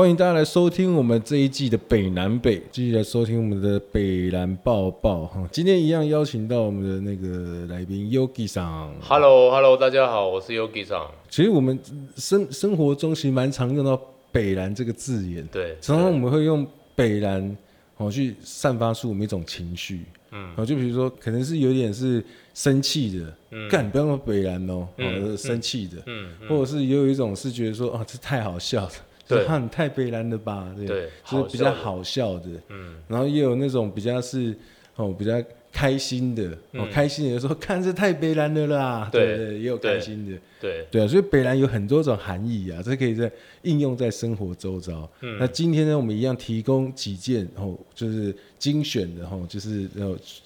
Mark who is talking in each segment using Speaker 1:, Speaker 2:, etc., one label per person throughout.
Speaker 1: 歡迎大家來收聽我們這一季的北南北，繼續來收聽我們的北南報報哈。今天一樣邀請到我們的那個來賓 Yogi さん
Speaker 2: ，Hello Hello，大家好，我是 Yogi さん。其
Speaker 1: 實我們生生活中其實蠻常用到“北南”這個字眼，對，常常我們會用“北南”對哦，去散發出我們一種情緒，嗯、哦，就比如說可能是有點是生氣的，嗯、幹不要用“北南”哦，嗯、哦生氣，的，嗯，嗯嗯嗯或者是也有一種是覺得說哦，這太好笑了。很對太北南了吧？對，對就是比較好笑的。笑的，嗯，然後也有那種比較是哦、喔，比較開心的。哦、嗯喔，開心有時候看是太北南的啦對，對對也有開心的。對，對啊，所以北南有很多種含義啊，這可以在應用在生活周遭。嗯，那今天呢，我們一樣提供幾件，然、喔、後就是精選的，然、喔、後就是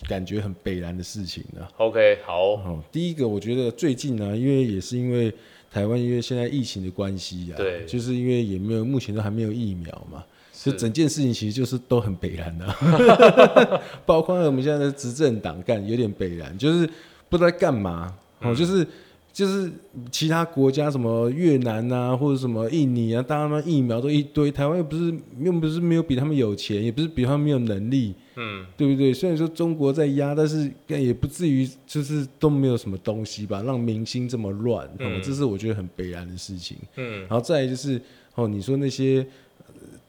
Speaker 1: 感覺很北南的事情啊。
Speaker 2: OK，好。哦、喔，
Speaker 1: 第一個我覺得最近呢、啊，因為也是因為。台灣因為現在疫情的關係呀、啊，對，就是因為也沒有目前都還沒有疫苗嘛，所以是整件事情其實就是都很北南的、啊， 包括我們現在的執政黨幹有點北南，就是不知道幹嘛哦，嗯、就是就是其他國家什麼越南啊或者什麼印尼啊，他們疫苗都一堆，台灣又不是又不是沒有比他們有錢，也不是比他們沒有能力。嗯，對不對？雖然說中國在壓，但是也不至於就是都沒有什麼東西吧，讓民心這麼亂、哦。這是我覺得很北南的事情。嗯，然後再來就是哦，你說那些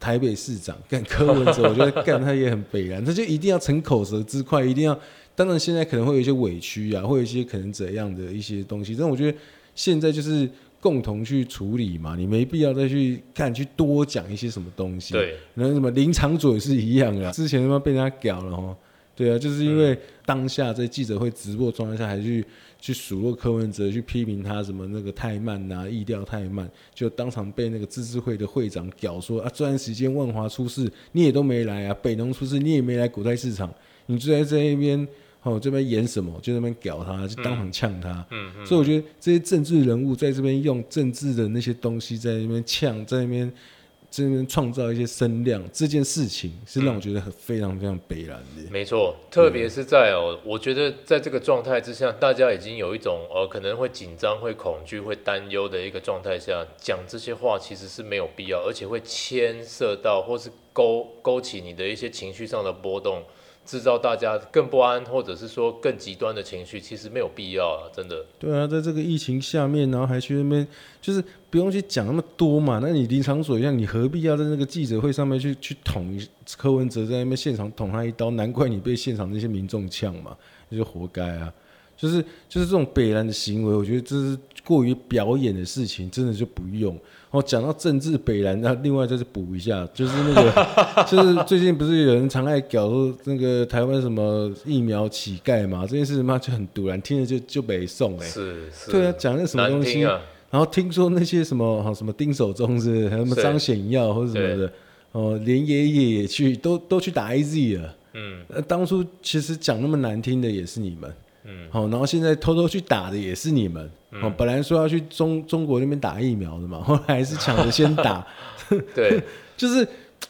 Speaker 1: 台北市長幹柯文哲，我覺得 幹他也很北南，他就一定要逞口舌之快，一定要。當然現在可能會有一些委屈啊，會有一些可能怎樣的一些東西。但我覺得現在就是。共同去處理嘛，你沒必要再去看去多講一些什麼東西。對，然後什麼林昶佐也是一樣的啊，之前他媽被人家屌了哦，對啊，就是因為當下在記者會直播狀態下，還、嗯、去去數落柯文哲，去批評他什麼那個太慢吶、啊，疫調太慢，就當場被那個自治會的會長屌說啊，這段時間萬華出事你也都沒來啊，北農出事你也沒來，果菜市場你就在這一邊。哦，這邊演什麼就那邊屌他，就當場嗆他。嗯嗯。嗯嗯，所以我覺得這些政治人物在這邊用政治的那些東西在那邊嗆，在那邊這邊創造一些聲量，這件事情是讓我覺得很、嗯、非常非常
Speaker 2: 悲然的。沒錯，特別是在哦、喔，對我覺得在這個狀態之下，大家已經有一種呃可能會緊張、會恐懼、會擔憂的一個狀態下講這些話，其實是沒有必要，而且會牽涉到或是勾勾起你的一些情緒上的波動。製造大家更不安，或者是說更極端的情緒，其實沒有必要啊，真的。
Speaker 1: 對啊，在這個疫情下面，然後還去那邊，就是不用去講那麼多嘛。那你離場所一樣，你何必要在那個記者會上面去去捅柯文哲，在那邊現場捅他一刀？難怪你被現場那些民眾嗆嘛，就是活該啊。就是就是這種北南的行為，我覺得這是過於表演的事情，真的就不用。然後講到政治北南，那另外就是補一下，就是那個 就是最近不是有人常愛講說那個台灣什麼疫苗乞丐嘛，這件事嘛就很突然，聽着就就北送哎、欸。是，對啊，講那什麼東西，啊、然後聽說那些什麼好什麼丁守中是,是，還有什麼張顯耀或者什麼的，哦，連爺爺也去都都去打 AZ 了。嗯，那、啊、當初其實講那麼難聽的也是你們。嗯，好，然後現在偷偷去打的也是你們，哦、嗯，本來說要去中中國那邊打疫苗的嘛，後來還是搶着先打，
Speaker 2: 對，
Speaker 1: 就是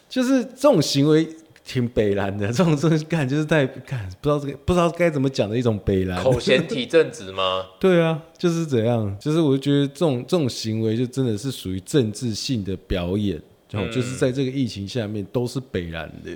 Speaker 1: 就是這種行為挺北南的，這種這種幹就是在幹不知道這個不知道該怎麼講的一種北南，口嫌體正直嗎？ 對啊，就是怎樣，就是我覺得這種這種行為就真的是屬於政治性的表演。嗯、就是在這個疫情下面，都是北南的，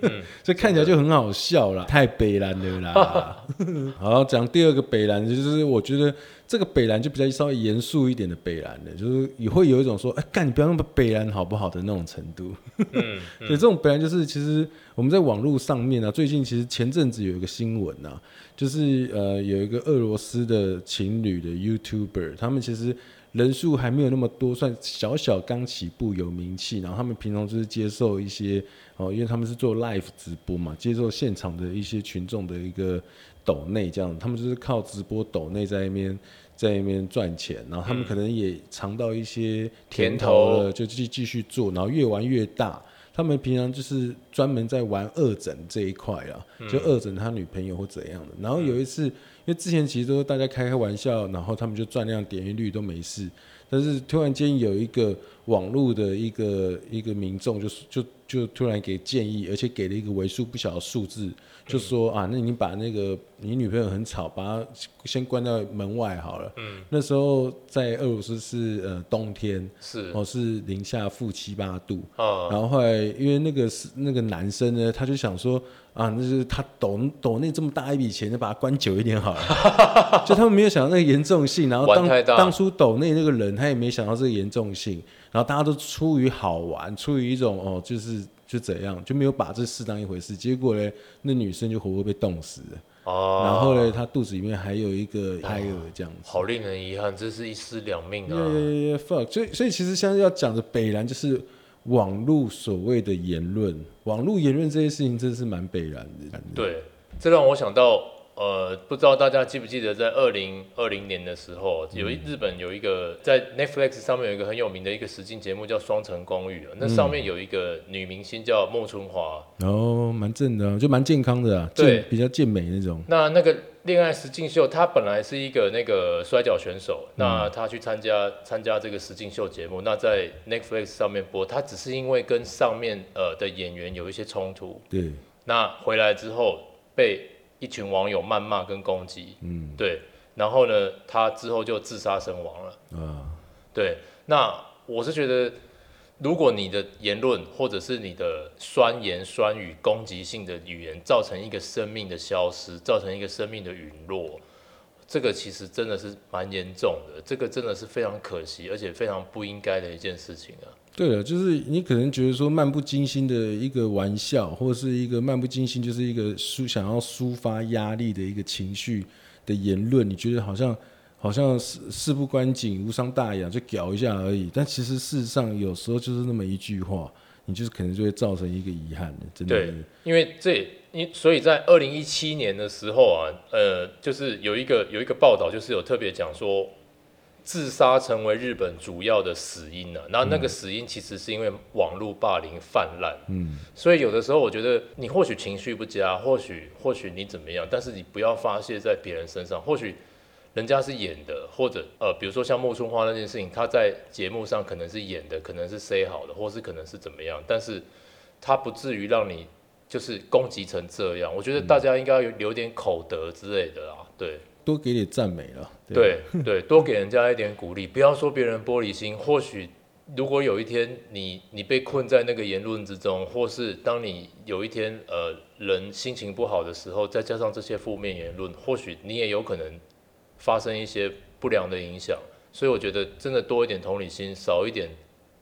Speaker 1: 嗯，這、嗯、 看起來就很好笑了，的太北南的啦。 好，講第二個北南，就是我覺得這個北南就比較稍微嚴肅一點的北南的，就是也會有一種說，哎、嗯、幹、欸、你不要那麼北南，好不好的那種程度。 嗯嗯、所以這種北南就是，其實我們在網絡上面啊，最近其實前陣子有一個新聞啊，就是呃，有一個俄羅斯的情侶的 YouTuber，他們其實。人數還沒有那麼多，算小小剛起步有名氣。然後他們平常就是接受一些哦，因為他們是做 live 直播嘛，接受現場的一些群眾的一個抖內這樣，他們就是靠直播抖內在那邊在那邊賺錢。然後他們可能也嘗到一些甜頭了，頭就繼繼續做，然後越玩越大。他們平常就是專門在玩惡整這一塊啊，嗯、就惡整他女朋友或怎樣的。然後有一次，嗯、因為之前其實都是大家開開玩笑，然後他們就賺那點擊率都沒事。但是突然間有一個。網絡的一個一個民眾，就是就就突然給建議，而且給了一個為數不小的數字，嗯、就說啊，那你把那個你女朋友很吵，把她先關到門外好了。嗯。那時候在俄羅斯是呃冬天，是哦、喔、是零下負七八度。哦、啊。然後後來因為那個那個男生呢，他就想說啊，那就是他抖抖內這麼大一筆錢，就把他關久一點好了。 就他們沒有想到那個嚴重性，然後當當初抖內那個人，他也沒想到這個嚴重性。然後大家都出於好玩，出於一種哦，就是就怎樣，就沒有把這事當一回事。結果呢，那女生就活活被凍死哦，啊、然後呢，她肚子裡面還有一個胎兒，哎、呀這樣子。好
Speaker 2: 令人遺憾，這是一屍兩命啊。對
Speaker 1: ，yeah, yeah, 所以所以其實現在要講的北南就是網絡所謂的言論，網絡言論這些事情真的是蠻北南的。
Speaker 2: 對，這讓我想到。呃，不知道大家記不記得，在二零二零年的時候，有一、嗯、日本有一個在 Netflix 上面有一個很有名的一個實境節目叫《雙層公寓》啊、嗯。那上面有一個女明星叫莫春華，
Speaker 1: 哦，蠻正的，就蠻健康的、啊，健對比較健美那種。
Speaker 2: 那那個戀愛實境秀，他本來是一個那個摔角選手，嗯、那他去參加參加這個實境秀節目，那在 Netflix 上面播，他只是因為跟上面呃的演員有一些衝突，對，那回來之後被。一群網友謾罵跟攻擊，嗯，對，然後呢，他之後就自殺身亡了，嗯，對，那我是覺得，如果你的言論或者是你的酸言酸語、攻擊性的語言，造成一個生命的消失，造成一個生命的隕落，這個其實真的是蠻嚴重的，這個真的是非常可惜，而且非常不應該的一件事情啊。
Speaker 1: 對了，就是你可能覺得說漫不經心的一個玩笑，或者是一個漫不經心，就是一個抒想要抒發壓力的一個情緒的言論，你覺得好像好像事事不關己，無傷大雅，就屌一下而已。但其實事實上，有時候就是那麼一句話，你就是可能就會造成一個遺憾的，真的。對，
Speaker 2: 因為這因所以在二零一七年的時候啊，呃，就是有一個有一個報道，就是有特別講說。自殺成為日本主要的死因了，啊，那那個死因其實是因為網絡霸凌泛濫。嗯，所以有的時候我覺得你或許情緒不佳，或許或許你怎麼樣，但是你不要發洩在別人身上。或許人家是演的，或者呃，比如說像木村花那件事情，他在節目上可能是演的，可能是 say 好的，或是可能是怎麼樣，但是他不至於讓你就是攻擊成這樣。我覺得大家應該有留點口德之類的啊，對。
Speaker 1: 多給點讚美了，對對，
Speaker 2: 對，多給人家一點鼓勵，不要說別人玻璃心。或許如果有一天你你被困在那個言論之中，或是當你有一天呃人心情不好的時候，再加上這些負面言論，或許你也有可能發生一些不良的影響。所以我覺得真的多一點同理心，少一點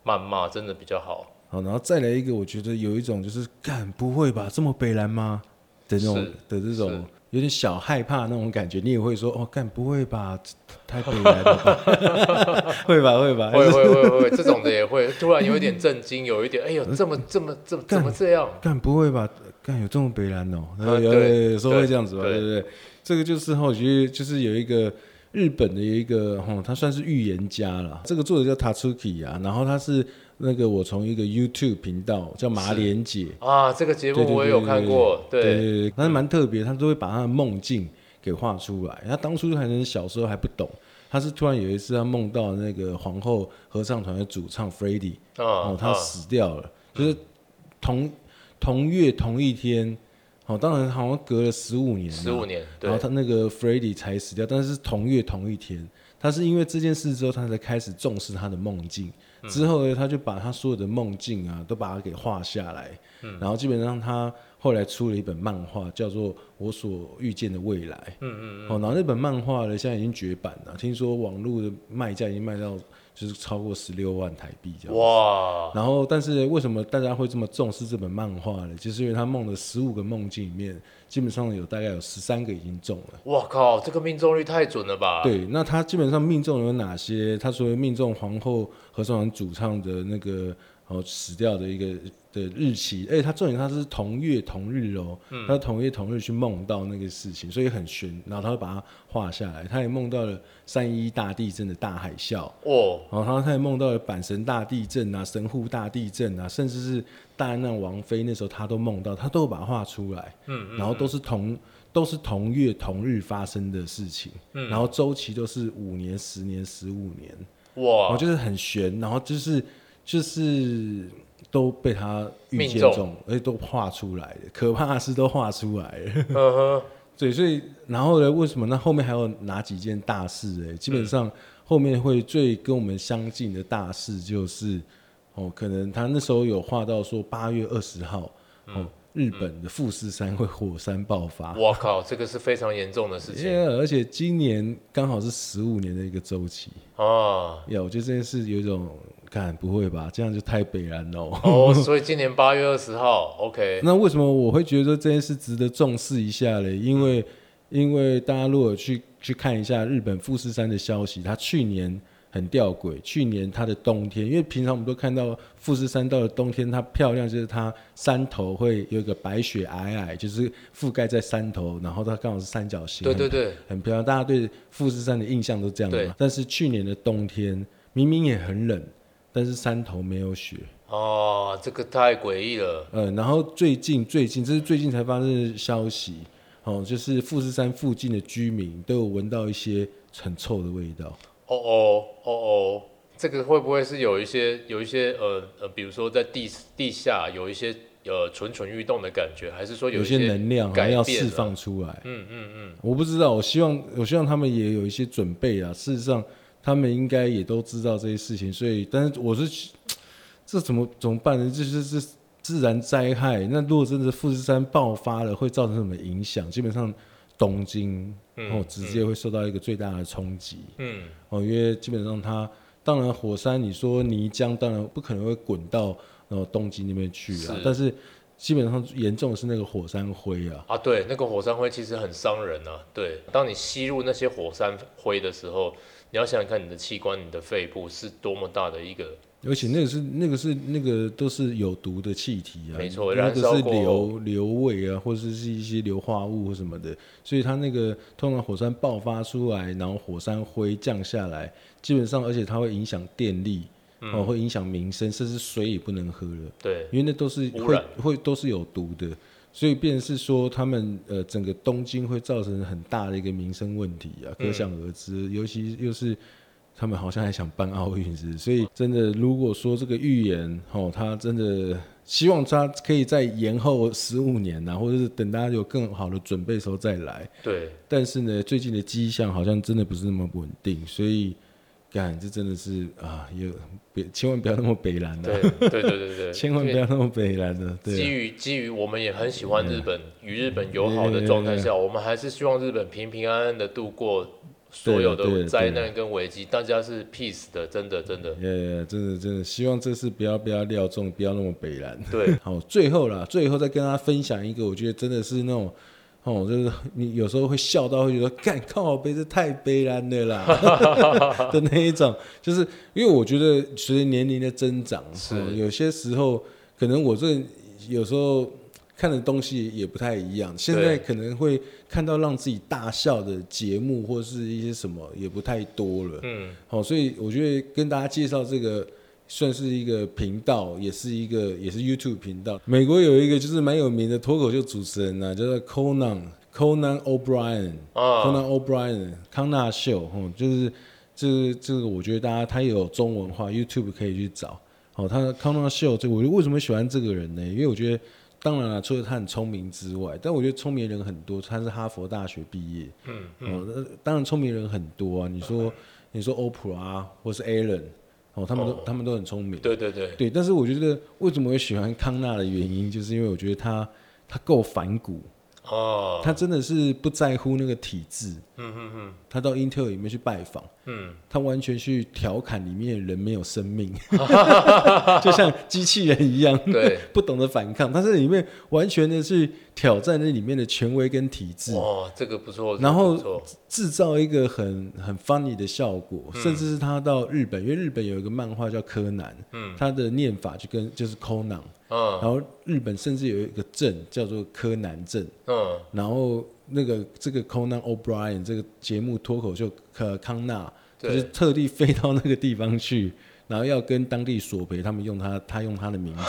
Speaker 2: 謾罵，真的比較好。
Speaker 1: 好，然後再來一個，我覺得有一種就是“幹不會吧，這麼北南嗎”的這種的這種。有點小害怕那種感覺，你也會說哦，幹不會吧？太北南了吧，會吧 會吧，會吧會會會，這種的也會，突然有一點
Speaker 2: 震驚，有一點，哎呦，這麼這麼這幹怎麼這樣？
Speaker 1: 幹不會吧？幹有這麼北南哦，喔？對啊，對有點稍微這樣子嘛，對不對，對，對？這個就是後續就是有一個日本的一個哈，嗯，他算是預言家了。這個作者叫 Tatsuki 啊，然後他是。那個我從一個 YouTube 頻道叫麻蓮姐啊，這個節目我也有看過，對，對，對，對，對，對，對，對，對，對，但是蠻特別，嗯、他都會把他的夢境給畫出來。他當初可能小時候還不懂，他是突然有一次他夢到那個皇後合唱團的主唱 Freddie 哦、啊，他死掉了，啊、就是同、嗯、同月同一天，好、哦，當然好像隔了十五年，年，十五年，然後他那個 Freddie 才死掉，但是同月同一天。他是因為這件事之後，他才開始重視他的夢境。嗯、之後呢，他就把他所有的夢境啊，嗯、都把它給畫下來。嗯、然後基本上他後來出了一本漫畫，叫做《我所遇見的未來》。嗯嗯哦、嗯，然後那本漫畫呢，現在已經絕版了，聽說網絡的賣價已經賣到，就是超過十六萬台幣這樣哇，然後，但是為什麼大家會這麼重視這本漫畫呢？就是因為他夢的十五個夢境裡面，基本上有大概有十三個已經中
Speaker 2: 了。哇靠，這個命中率太準了吧？對，
Speaker 1: 那他基本上命中有哪些？他所謂命中，皇後合唱團主唱的那個。然後死掉的一個的日期，而、欸、且他重點他是同月同日哦，嗯、他同月同日去夢到那個事情，所以很玄。然後他就把它畫下來。他也夢到了三一大地震的大海嘯哦，哇然後他也夢到了阪神大地震啊、神戶大地震啊，甚至是戴安娜王妃那時候他都夢到，他都把它畫出來。嗯嗯。然後都是同、嗯、都是同月同日發生的事情，嗯。然後周期都是五年、十年、十五年，哇！然後就是很玄，然後就是。就是都被他遇見中，命中，而且都畫出來了。可怕的是都畫出來了。Uh
Speaker 2: huh.
Speaker 1: 對。所以，然後呢？為什麼？那後面還有哪幾件大事？哎，基本上後面會最跟我們相近的大事就是，嗯、哦，可能他那時候有畫到說八月二十號，嗯、哦，日本的富士山會火山爆發。我、嗯嗯、
Speaker 2: 靠，這個是非常嚴重的事情。
Speaker 1: 而且今年剛好是十五年的一個周期啊。有，我覺得這件事有一種。看，不會吧？這樣就太北然了哦、喔，oh,
Speaker 2: 所以今年八月二十號，OK。 那為什
Speaker 1: 麼我會覺得這件事值得重視一下嘞？因為，嗯、因為大家如果去去看一下日本富士山的消息，它去年很吊詭。去年它的冬天，因為平常我們都看到富士山到了冬天，它漂亮就是它山頭會有一個白雪皚皚，就是覆蓋在山頭，然後它剛好是三角形，對對對很，很漂亮。大家對富士山的印象都這樣。對。但是去年的冬天明明也很冷。但是山頭沒有雪
Speaker 2: 哦，這個太詭異了。
Speaker 1: 嗯，然後最近最近，這是最近才發生的消息哦，就是富士山附近的居民都有聞到一些很臭的味道。
Speaker 2: 哦哦哦哦，這個會不會是有一些有一些呃呃，比如說在地地下有一些呃蠢蠢欲動的感覺，還是說有一些，有些能量要釋放出來？嗯嗯嗯，嗯嗯
Speaker 1: 我不知道，我希望我希望他們也有一些準備啊。事實上。他們應該也都知道這些事情，所以，但是我是，這怎麼怎麼辦呢？這是是自然災害，那如果真的富士山爆發了，會造成什麼影響？基本上東京、嗯、哦直接會受到一個最大的衝擊，嗯，哦因為基本上它，當然火山你說泥漿，當然不可能會滾到、嗯、呃東京那邊去啊，但是。基本上嚴重的是那個火山灰啊！
Speaker 2: 啊，對，那個火山灰其實很傷人啊。對，當你吸入那些火山灰的時候，你要想想看你的器官、你的肺部是多麼大的一個。
Speaker 1: 而且那個是那個是那個都是有毒的氣體啊。沒錯，那個是硫硫味啊，或者是是一些硫化物或什麼的。所以它那個通常火山爆發出來，然後火山灰降下來，基本上而且它會影響電力。哦，會影響民生，嗯、甚至水也不能喝了。對，因為那都是會污染，會都是有毒的，所以變成是說，他們呃，整個東京會造成很大的一個民生問題啊，嗯、可想而知。尤其又是他們好像還想辦奧運，是、嗯、所以真的，如果說這個預言哦，他真的希望他可以再延後十五年，啊，或者是等大家有更好的準備的時候再來。對，但是呢，最近的跡象好像真的不是那麼穩定，所以。幹，這真的是啊，有千萬不要那麼北南的，對對對對千萬不要那麼北南的。為對啊、基於
Speaker 2: 基於我們也很喜歡日本，Yeah. 與日本友好的狀態下，yeah. Yeah. 我們還是希望日本平平安安的度過所有的災難跟危機，大家、啊啊啊啊啊啊、是 peace 的，真的真的，呃、
Speaker 1: yeah, yeah,，真的真的希望這次不要不要料中，不要那麼北南。對， 好，最後啦，最後再跟大家分享一個，我覺得真的是那種。哦，就是你有時候會笑到會覺得幹，靠北，這太悲哀的啦 的那一種，就是因為我覺得隨着年齡的增長是，是有些時候可能我這有時候看的東西也不太一樣，對現在可能會看到讓自己大笑的節目或是一些什麼也不太多了。嗯，好、哦，所以我覺得跟大家介紹這個。算是一個頻道，也是一個也是 YouTube 頻道。美國有一個就是蠻有名的脫口秀主持人啊，叫做 Conan, Conan O'Brien,、oh. Conan O'Brien Conan O'Brien 康納秀哦，就是這、就是、這個我覺得大家他有中文化 YouTube 可以去找哦。他 Conan 秀，這我為什麼喜歡這個人呢？因為我覺得當然了，除了他很聰明之外，但我覺得聰明人很多。他是哈佛大學畢
Speaker 2: 業，
Speaker 1: 嗯，嗯，哦，當然聰明人很多啊。你說你說 Oprah 或是 Alan 哦，他們都、oh. 他們都很聰明，對對對，對。但是我覺得為什麼會喜歡康納的原因，就是因為我覺得他他夠反骨。哦，他真的是不在乎那個體制，嗯嗯嗯，他到英特爾裡面去拜訪，嗯，他完全去調侃裡面的人沒有生命，就像機器人一樣，對， 不懂得反抗，他在裡面完全的去挑戰那裡面的權威跟體制，哦，這個不錯，這個不錯，然後製造一個很很 funny 的效果，嗯、甚至是他到日本，因為日本有一個漫畫叫柯南，嗯、他的念法就跟就是 Konan 嗯，然後日本甚至有一個鎮叫做柯南鎮。嗯，然後那個這個 Conan O'Brien 這個節目脫口秀 ana, 對，可康納就是特地飛到那個地方去，然後要跟當地索賠，他們用他，他用他的名字，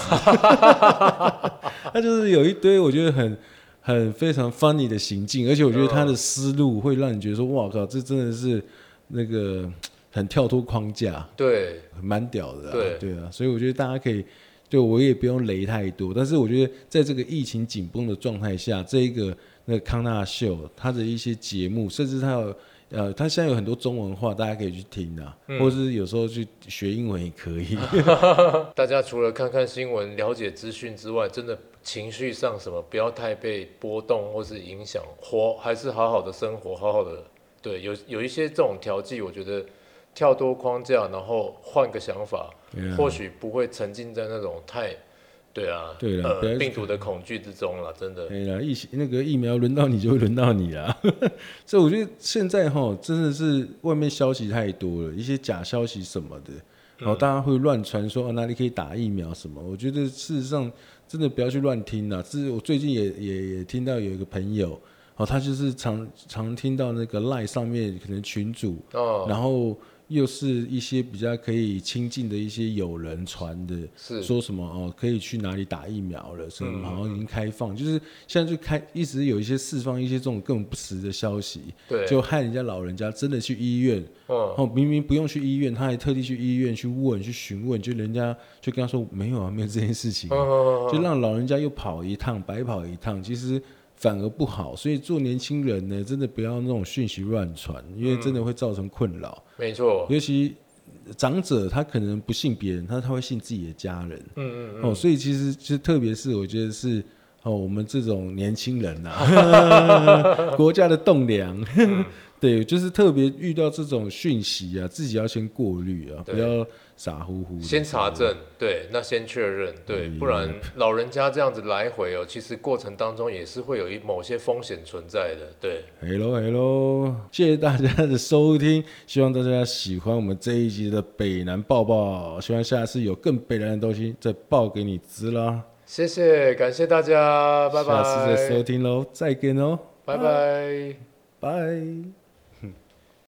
Speaker 1: 他就是有一堆我覺得很很非常 funny 的行徑，而且我覺得他的思路會讓你覺得說，哇靠，這真的是那個很跳脫框架，對，蠻屌的，啊，對，對啊，所以我覺得大家可以。對，我也不用雷太多，但是我覺得在這個疫情緊繃的狀態下，這一個那個康納秀他的一些節目，甚至他有呃，他現在有很多中文話，大家可以去聽的、啊，嗯、或是有時候去學英文也可以。
Speaker 2: 大家除了看看新聞、了解資訊之外，真的情緒上什麼不要太被波動或是影響，活還是好好的生活，好好的。對，有有一些這種調劑，我覺得。跳多框架，然後換個想法，啊、或許不會沉浸在那種太，對啊，對啊呃對啊病毒的恐懼之中了。啊、真的，對
Speaker 1: 了、啊，疫那個疫苗輪到你，就會輪到你了。 所以我覺得現在哈，真的是外面消息太多了，一些假消息什麼的，哦，大家會亂傳說哪裡、嗯哦、可以打疫苗什麼。我覺得事實上真的不要去亂聽啊。其實我最近也也也聽到有一個朋友，哦，他就是常常聽到那個 LINE 上面可能群主、哦、然後。又是一些比較可以親近的一些友人傳的，是說什麼哦，可以去哪裡打疫苗了，什麼好像已經開放，嗯嗯就是現在就開一直有一些釋放一些這種根本不實的消息，對，就害人家老人家真的去醫院，嗯、哦，明明不用去醫院，他還特地去醫院去問去詢問，就人家就跟他說沒有啊，沒有這件事情，嗯嗯嗯就讓老人家又跑一趟，白跑一趟，其實。反而不好，所以做年輕人呢，真的不要那種訊息亂傳，因為真的會造成困擾，嗯。沒錯，尤其長者他可能不信別人，他他會信自己的家人。嗯嗯，嗯哦，所以其實其實特別是我覺得是哦，我們這種年輕人啊， 國家的棟樑。 嗯對，就是特別遇到這種訊息啊，自己要先過濾啊，不要傻乎乎的。先查證，
Speaker 2: 對，那先確認，對，不然老人家這樣子來回哦、喔，其實過程當中也是會有一某些風險存在的，對。
Speaker 1: Hello，Hello，hello, 謝謝大家的收聽，希望大家喜歡我們這一集的北南報報，希望下次有更北南的東西再報給你知啦。
Speaker 2: 謝謝，感謝大家，拜拜，下次再收
Speaker 1: 聽嘍，再見哦，
Speaker 2: 拜拜 bye，拜 Bye。